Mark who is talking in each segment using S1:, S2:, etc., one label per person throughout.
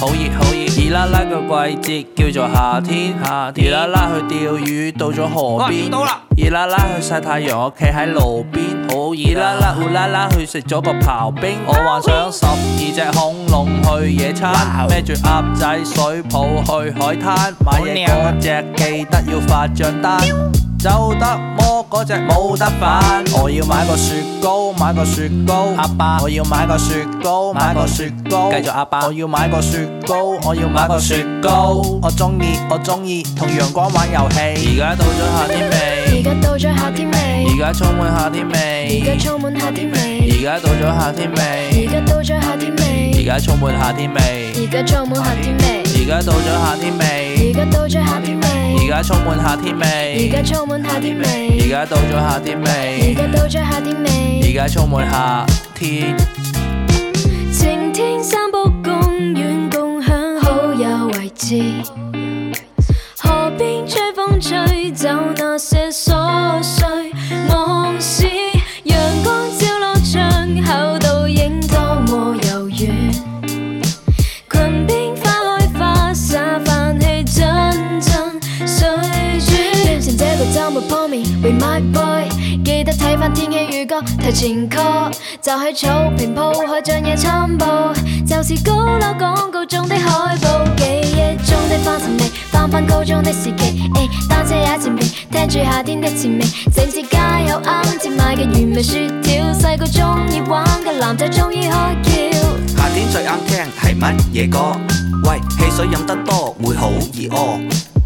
S1: 好熱好熱，熱啦啦個季節叫做夏天。夏天，熱啦啦去釣魚到了，到咗河邊。熱啦啦去曬太陽，我企喺路邊。好熱，啦啦，呼啦啦去食咗個刨冰。我幻想十二隻恐龍去野餐，孭住鴨仔水泡去海灘。買嘢過只記得要發賬單。走得摸嗰隻冇得反，我 要楽買個雪糕，snow, 買個雪糕，阿 爸楽，我要買個雪糕，買個雪糕，繼續阿爸，我要買個雪糕，我要買個雪糕，我中意，我中意，同陽光玩遊戲。而家到咗夏天未？而家
S2: 到咗夏天未？而家充滿夏天味，而
S1: 家充滿夏天味，而家到咗夏天未？而
S2: 家到咗夏天未？而
S1: 家充滿夏天味，而家
S2: 充滿夏天味。音楽 aí 而家到咗夏天未？而家到咗夏天
S1: 未？而家充滿夏天未？
S2: 而
S1: 家到咗夏天未？而家
S2: 到咗夏天未？而家充滿夏天未。晴天山坡公園共享好友位置，河邊吹風吹走那些。在前就喺草坪鋪開，張野餐布，就似、就是、高樓廣告中的海報。記憶中的花神味，翻翻高中的時期，單、欸、車也前肥，聽住夏天的蟬鳴。城市街有啱節買嘅原味雪條，細個中意玩嘅男仔終於開竅。
S1: 夏天最啱聽係乜嘢歌？喂，汽水飲得多會好易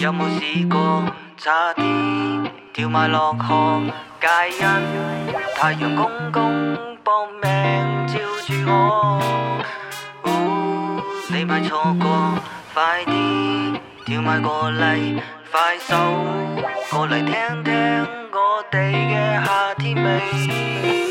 S1: 有冇試過？差啲跳埋落河，皆因太陽公公搏命照住我。哦，你咪錯過，快啲跳埋過嚟，快手過嚟聽聽，聽我哋嘅夏天味。